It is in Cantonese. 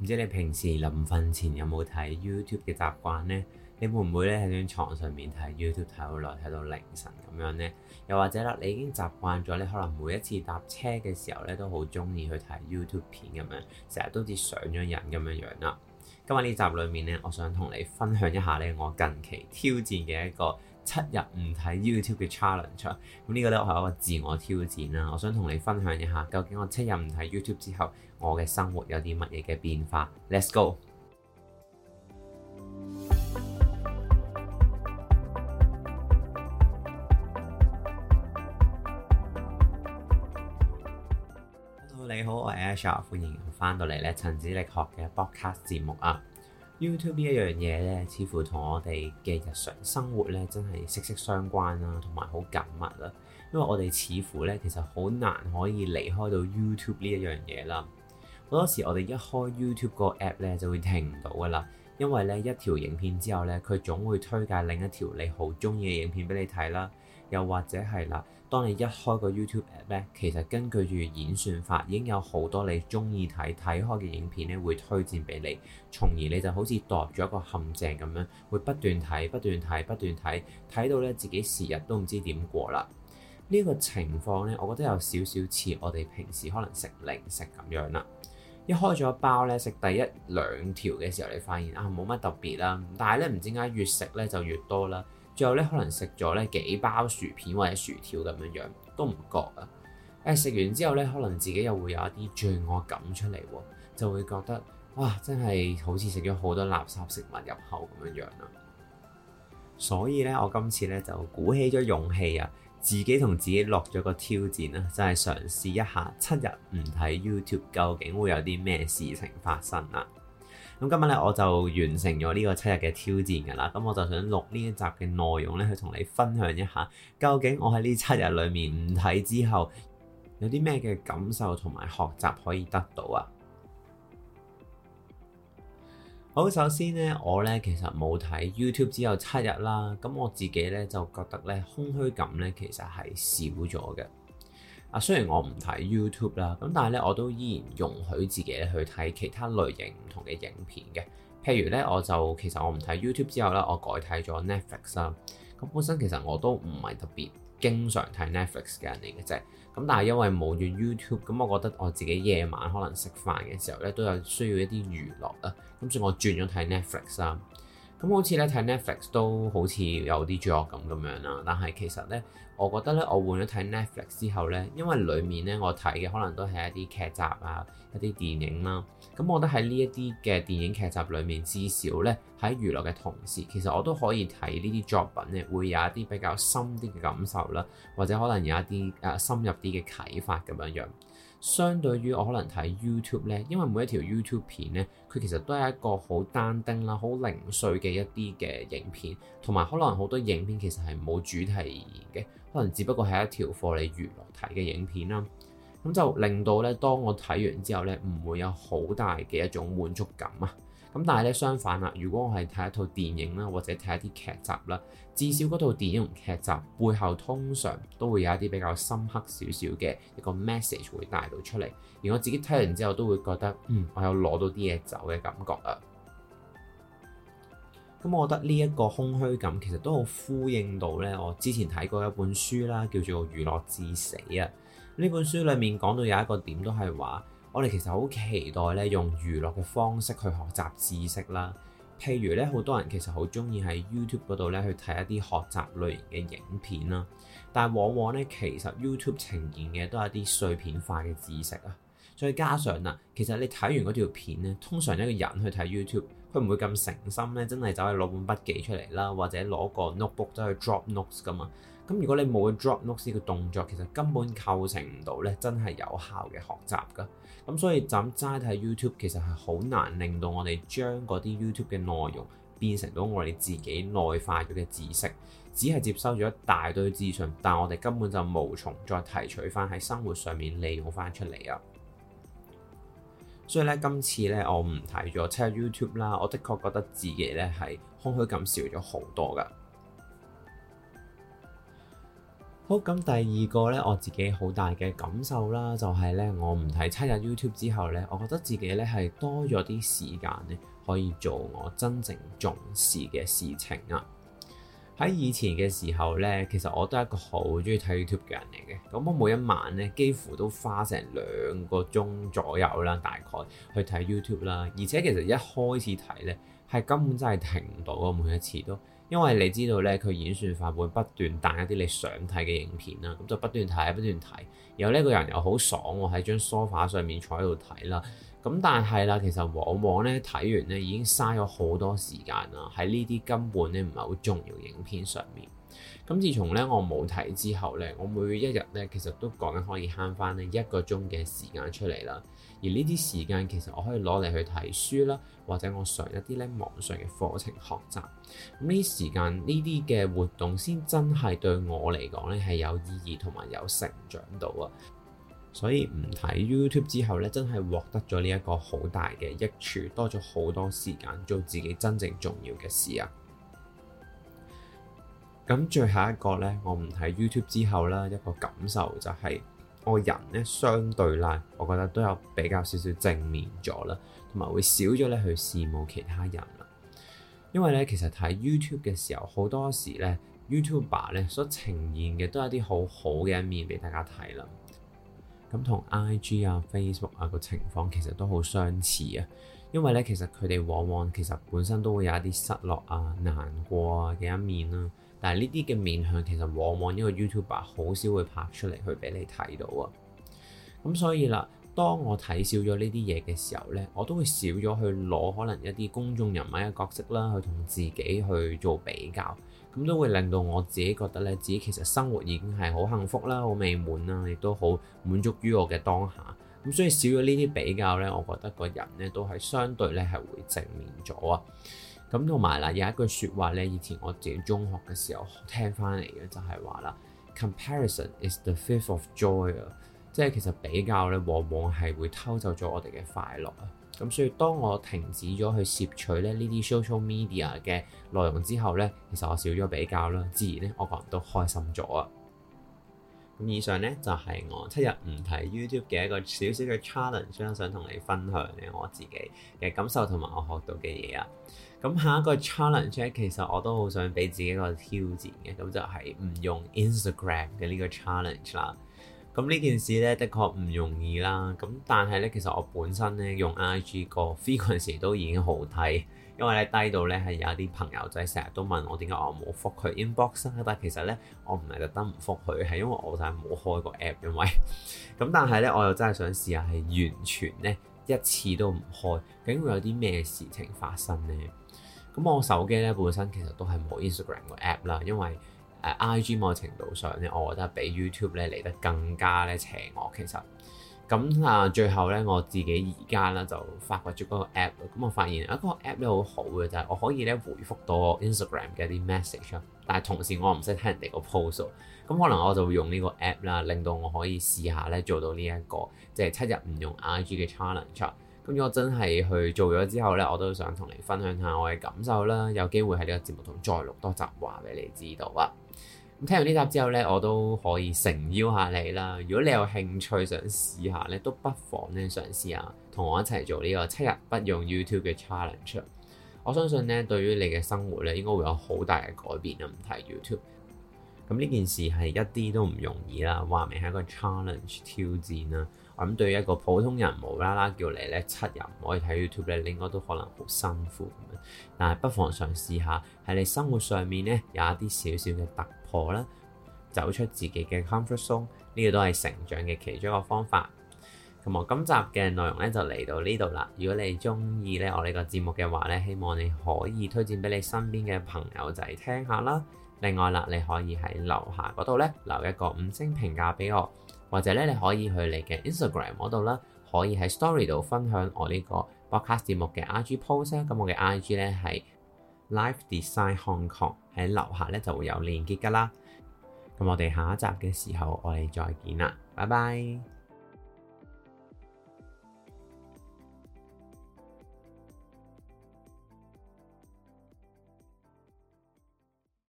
唔知你平時臨瞓前有冇睇 YouTube 嘅習慣呢？你會唔會咧喺張床上面睇 YouTube 睇好耐，睇到凌晨咁樣呢？又或者啦，你已經習慣咗，你可能每一次搭車嘅時候咧，都好中意去睇 YouTube 片咁樣，成日都似上咗癮咁樣樣啦。今日呢集裏面呢，我想同你分享一下咧，我近期挑戰嘅一個七日唔睇 YouTube 嘅 challenge，咁呢個咧我係一個自我挑戰啦。我想同你分享一下，究竟我七日唔睇 YouTube 之後，我嘅生活有啲乜嘢嘅變化？Let's go！你好，你好，我係 Ash，歡迎翻到嚟咧陳子力學嘅 podcast 節目啊！YouTube 呢一樣嘢呢，似乎同我哋嘅日常生活呢真係息息相關啦，同埋好緊密啦。因為我哋似乎呢其實好難可以離開到 YouTube 呢一樣嘢啦。好多時我哋一開 YouTube 個 app 呢就會停唔到噶啦，因為呢一條影片之後呢，佢總會推介另一條你好中意嘅影片俾你睇啦。又或者係啦，當你一開個 YouTube app 咧，其實根據住演算法已經有好多你中意睇睇開嘅影片咧，會推薦俾你，從而你就好似度咗一個陷阱咁樣，會不斷睇、不斷睇、不斷睇，睇到咧自己時日都唔知點過啦。呢個情況呢，我覺得有少少似我哋平時可能食零食咁樣啦。一開咗包呢，食第一兩條嘅時候，你發現啊冇乜特別啦，但係呢，唔知點解越食呢就越多啦。最後咧，可能食咗咧幾包薯片或者薯條咁樣樣，都唔覺啊！誒、欸，食完之後咧，可能自己又會有一啲罪惡感出嚟喎，就會覺得哇，真係好似食咗好多垃圾食物入口咁樣樣啦。所以咧，我今次咧就鼓起咗勇氣啊，自己同自己落咗個挑戰啦，就係、是、嘗試一下七日唔睇 YouTube，究竟會有啲咩事情發生啊！咁今日咧，我就完成咗呢個七日嘅挑戰㗎啦。咁我就想錄呢一集嘅內容咧，去同你分享一下，究竟我喺呢七日裡面唔睇之後，有啲咩嘅感受同埋學習可以得到啊？好，首先呢，我咧其實冇睇 YouTube 只有七日啦。咁我自己咧就覺得咧空虛感咧其實係少咗嘅。啊，雖然我唔睇 YouTube 啦，咁但係咧，我都依然容許自己去睇其他類型唔同嘅影片嘅。譬如咧，我就其實我唔睇 YouTube 之後咧，我改睇咗 Netflix 啦。咁本身其實我都唔係特別經常睇 Netflix 嘅人嚟嘅啫。咁但係因為冇咗 YouTube，咁我覺得我自己夜晚可能食飯嘅時候咧，都有需要一啲娛樂啦。咁所以我轉咗睇 Netflix 啦。咁好似咧，睇 Netflix 都好似有啲罪惡感咁樣啦。但係其實呢，我覺得呢，我換咗睇 Netflix 之後呢，因為裡面呢，我睇嘅可能都係一啲劇集啊，一啲電影啦。咁我覺得喺呢一啲嘅電影劇集裡面，至少呢，喺娛樂嘅同時，其實我都可以睇呢啲作品呢，會有一啲比較深啲嘅感受啦，或者可能有一啲誒深入啲嘅啟發咁樣樣。相對於我可能睇 YouTube 呢，因為每一條 YouTube 片呢，佢其實都係一個好單丁啦、好零碎嘅一啲嘅影片，同埋可能好多影片其實係冇主題嘅，可能只不過係一條畀你娛樂睇嘅影片啦，咁就令到呢，當我睇完之後呢，唔會有好大嘅一種滿足感啊。咁但係咧相反啦，如果我係睇一套電影啦，或者睇一啲劇集啦，至少嗰套電影同劇集背後通常都會有一啲比較深刻少少嘅一個 message 會帶到出嚟，而我自己睇完之後都會覺得，嗯，我有攞到啲嘢走嘅感覺啊。咁、嗯、我覺得呢一個空虛感其實都好呼應到呢。我之前睇過一本書啦，叫做《娛樂至死》啊。呢本書裏面講到有一個點都係話。我哋其實好期待咧，用娛樂嘅方式去學習知識啦。譬如咧，好多人其實好中意喺 YouTube 嗰度咧去睇一啲學習類型嘅影片啦。但係往往咧，其實 YouTube 呈現嘅都係一啲碎片化嘅知識啊。再加上啊，其實你睇完嗰條片咧，通常一個人去睇 YouTube，佢唔會咁誠心咧，真係走去攞本筆記出嚟啦，或者攞個 notebook 走去 drop notes 噶嘛。咁如果你冇去 drop notes 嘅動作，其實根本構成唔到咧，真係有效嘅學習噶。咁所以就齋睇 YouTube 其實係好難令到我哋將嗰啲 YouTube 嘅內容變成到我哋自己內化咗嘅知識，只係接收咗一大堆資訊，但我哋根本就無從再提取翻喺生活上面利用翻出嚟啊。所以咧，今次咧我唔睇咗睇 YouTube 啦，我的確覺得自己咧係空虛感少咗好多噶。好，咁，第二個咧，我自己好大嘅感受啦，就係咧，我唔睇七日 YouTube 之後咧，我覺得自己咧係多咗啲時間咧，可以做我真正重視嘅事情啊！喺以前嘅時候咧，其實我都係一個好中意睇 YouTube 嘅人嚟嘅。咁我每一晚咧，幾乎都花成兩個鐘左右啦，大概去睇 YouTube 啦。而且其實一開始睇咧，係根本真係停唔到啊！每一次都。因為你知道呢，佢演算法會不斷彈一啲你想睇嘅影片啦，咁就不斷睇，不斷睇，然後呢個人又好爽喎、啊，喺張梳化上面坐喺度睇啦。咁但係啦，其實往往咧睇完咧已經嘥咗好多時間啦，喺呢啲根本咧唔係好重要影片上面。咁自從咧我冇睇之後咧，我每一日咧其實都講緊可以慳翻咧一個鐘嘅時,時間出嚟啦。而呢啲時間其實我可以攞嚟去睇書啦，或者我上一啲咧網上嘅課程學習。咁呢時間呢啲嘅活動先真係對我嚟講咧係有意義同埋有成長到啊！所以唔睇 YouTube 之後咧，真係獲得咗呢一個好大嘅益處，多咗好多時間做自己真正重要嘅事啊。咁最後一個咧，我唔睇 YouTube 之後啦，一個感受就係我人咧相對啦，我覺得都有比較少少正面咗啦，同埋會少咗咧去羨慕其他人啦。因為咧，其實睇 YouTube 嘅時候，好多時咧 YouTuber 咧所呈現嘅都係啲好好嘅一面俾大家睇啦。咁同 IG 啊、Facebook 啊個情況其實都好相似啊，因為咧其實佢哋往往其實本身都會有一啲失落啊、難過啊嘅一面啦，但係呢啲嘅面向其實往往因為 YouTuber 好少會拍出嚟去俾你睇到啊，咁所以啦。當我睇少咗呢啲嘢嘅時候呢，我都會少咗去攞可能一啲公眾人物嘅角色啦，去同自己去做比較，咁都會令到我自己覺得呢，自己其實生活已經係好幸福啦、好美滿啦，亦都好滿足於我嘅當下。咁所以少咗呢啲比較呢，我覺得個人呢都係相對呢係會正面咗啊。咁同埋啦，有一句説話呢，以前我自己中學嘅時候聽翻嚟嘅就係話啦，comparison is the thief of joy 啊。即係其實比較咧，往往係會偷走咗我哋嘅快樂啊。咁所以當我停止咗去攝取咧呢啲 social media 嘅內容之後咧，其實我少咗比較啦，自然咧我個人都開心咗啊。咁以上咧就係我七日唔睇 YouTube 嘅一個小小嘅 challenge，想同你分享嘅我自己嘅感受同埋我學到嘅嘢啊。咁下一個 challenge 咧，其實我都好想俾自己一個挑戰嘅，咁就係唔用 Instagram 嘅呢個 challenge 啦。咁呢件事呢，的確唔容易啦。咁但係呢，其實我本身呢，用 IG 個 frequency 嗰陣時都已經好低，因為呢低到呢，係有啲朋友仔成日都問我點解我冇覆佢 inbox 啦。但其實呢，我唔係特登唔覆佢，係因為我就係冇開過 app。因為咁，但係呢，我又真係想試下係完全呢，一次都唔開，究竟會有啲咩事情發生呢？咁我手機呢，本身其實都係冇 Instagram 個 app 啦，因為。Uh, IG 某程度上咧，我覺得比 YouTube 咧嚟得更加咧邪惡。其實咁啊，最後咧我自己而家咧就發掘咗嗰個 app，咁我發現有一個 app 咧好好嘅，就係、是、我可以咧回覆到我 Instagram 嘅啲 message。但係同時我唔識睇人哋個 post 喎，咁可能我就會用呢個 app 啦，令到我可以試下咧做到呢、這、一個即係、就是、七日唔用 IG 嘅 challenge。咁如果真係去做咗之後咧，我都想同你分享下我嘅感受啦。有機會喺呢個節目同再錄多集話俾你知道啊！咁聽完呢集之後呢，我都可以誠邀下你啦。如果你有興趣想試下呢，都不妨呢，嘗試下同我一齊做呢個七日不用 YouTube 嘅 challenge。我相信呢，對於你嘅生活呢，應該會有好大嘅改變啊！唔睇 YouTube。咁呢件事係一啲都唔容易啦，話明係一個 challenge 挑戰啦。咁對於一個普通人無啦啦叫你呢「七日唔可以睇 YouTube」呢，你應該都可能好辛苦咁樣。但係不妨嘗試下喺你生活上面呢，有一啲少少嘅突。可啦，走出自己嘅 comfort zone，呢個都係成長嘅其中一個方法。咁我今集嘅內容咧就嚟到呢度啦。如果你中意咧我呢個節目嘅話咧，希望你可以推薦俾你身邊嘅朋友仔聽下啦。另外啦，你可以喺樓下嗰度咧留一個五星評價俾我，或者咧你可以去你嘅 Instagram 嗰度啦，可以喺 Story 度分享我呢個 p o d c 節目嘅 IG post 咁我嘅 IG 咧係。Life Design Hong Kong 喺樓下呢就會有鏈接㗎啦。咁我哋下一集嘅時候我哋再見啦，拜拜。